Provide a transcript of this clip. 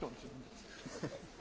Kończę.